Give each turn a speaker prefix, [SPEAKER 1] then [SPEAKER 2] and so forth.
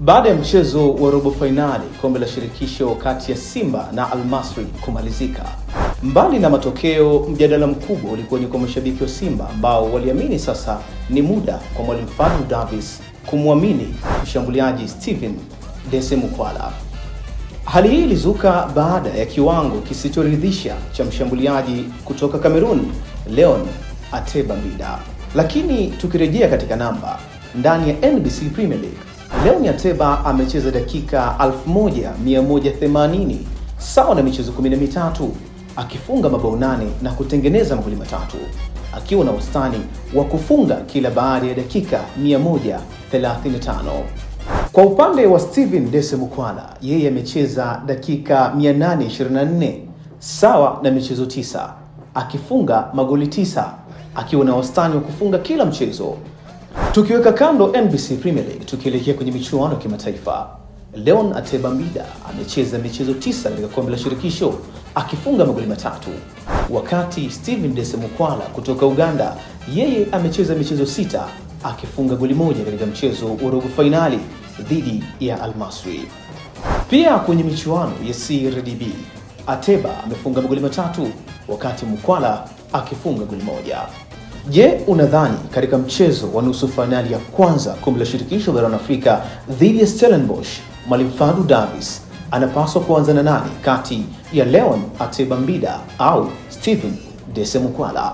[SPEAKER 1] Baada ya mchezo wa robo fainali kombe la shirikisho kati ya Simba na Almasri kumalizika, mbali na matokeo, mjadala mkubwa ulikuwa ni kwa mashabiki wa Simba ambao waliamini sasa ni muda kwa mwalimu Fadlu Davis kumwamini mshambuliaji Steven Dese Mukwala. Hali hii ilizuka baada ya kiwango kisichoridhisha cha mshambuliaji kutoka Kamerun Leon Ateba Mbida. Lakini tukirejea katika namba ndani ya NBC Premier League Leonia ateba amecheza dakika 1180 sawa na michezo 13 akifunga mabao nane na kutengeneza magoli matatu akiwa na wastani wa kufunga kila baada ya dakika 135. Kwa upande wa Steven Dese Mukwala, yeye amecheza dakika 824 sawa na michezo tisa akifunga magoli tisa akiwa na wastani wa kufunga kila mchezo Tukiweka kando NBC Premier League, tukielekea kwenye michuano ya kimataifa, Leon Ateba Mbida amecheza michezo tisa katika kombe la shirikisho akifunga magoli matatu, wakati Steven Desemukwala kutoka Uganda yeye amecheza michezo sita akifunga goli moja katika mchezo wa robo fainali dhidi ya Almaswi. Pia kwenye michuano ya CRDB Ateba amefunga magoli matatu wakati Mukwala akifunga goli moja. Je, unadhani katika mchezo wa nusu fainali ya kwanza kombe la shirikisho barani Afrika dhidi ya Stellenbosch, Mwalimu Fadu Davis anapaswa kuanza na nani kati ya Leon Ateba Mbida au Stephen Desemukwala?